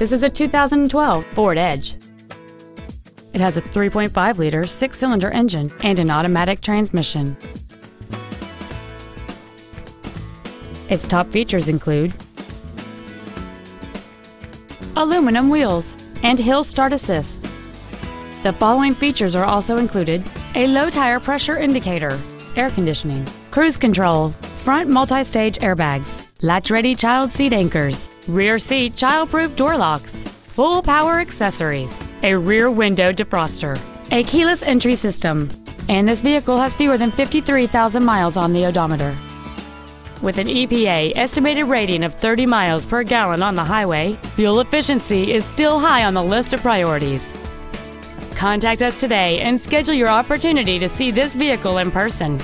This is a 2012 Ford Edge. It has a 3.5-liter six-cylinder engine and an automatic transmission. Its top features include aluminum wheels and hill start assist. The following features are also included a low tire pressure indicator, air conditioning, cruise control, front multi-stage airbags, latch-ready child seat anchors, rear seat child-proof door locks, full power accessories, a rear window defroster, a keyless entry system, and this vehicle has fewer than 53,000 miles on the odometer. With an EPA estimated rating of 30 miles per gallon on the highway, fuel efficiency is still high on the list of priorities. Contact us today and schedule your opportunity to see this vehicle in person.